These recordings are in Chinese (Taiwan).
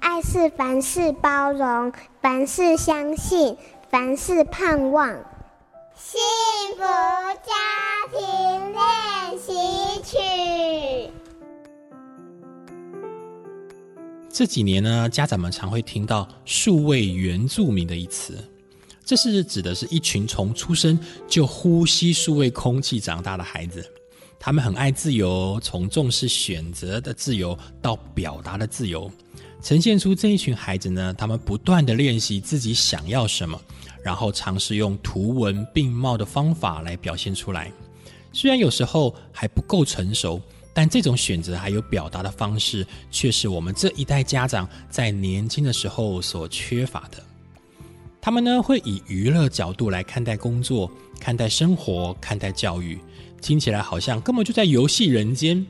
愛是凡事包容，凡事相信，凡事盼望。幸福家庭練習曲。這幾年呢，家長們常會聽到“數位原住民”的一詞，這是指的是一群從出生就呼吸數位空氣長大的孩子，他們很愛自由，從重視選擇的自由到表達的自由。呈現出這一群孩子呢，他們不斷的練習自己想要什麼，然後嘗試用圖文並茂的方法來表現出來。雖然有時候還不夠成熟，但這種選擇還有表達的方式，卻是我們這一代家長在年輕的時候所缺乏的。他們呢，會以娛樂角度來看待工作，看待生活，看待教育，聽起來好像根本就在遊戲人間。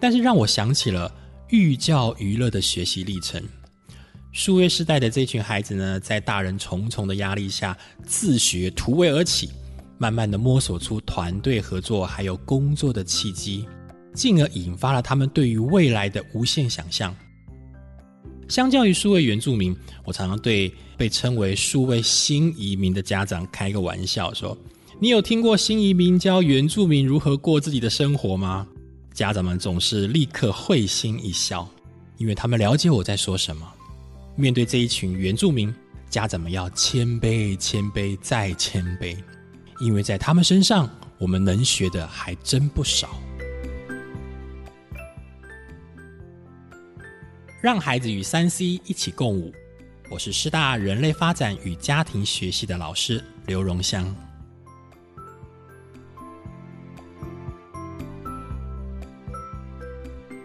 但是讓我想起了，寓教於樂的學習歷程，數位世代的這群孩子呢，在大人重重的壓力下自學突圍而起，慢慢地摸索出團隊合作還有工作的契機，進而引發了他們對於未來的無限想象。相較於數位原住民，我常常對被稱為數位新移民的家長開個玩笑說：“你有聽過新移民教原住民如何過自己的生活嗎？”家長們總是立刻會心一笑，因為他們了解我在說什麼。面對這一群原住民，家長們要謙卑、謙卑再謙卑，因為在他們身上，我們能學的還真不少。讓孩子與 3C 一起共舞。我是師大人類發展與家庭學系的老師劉容襄。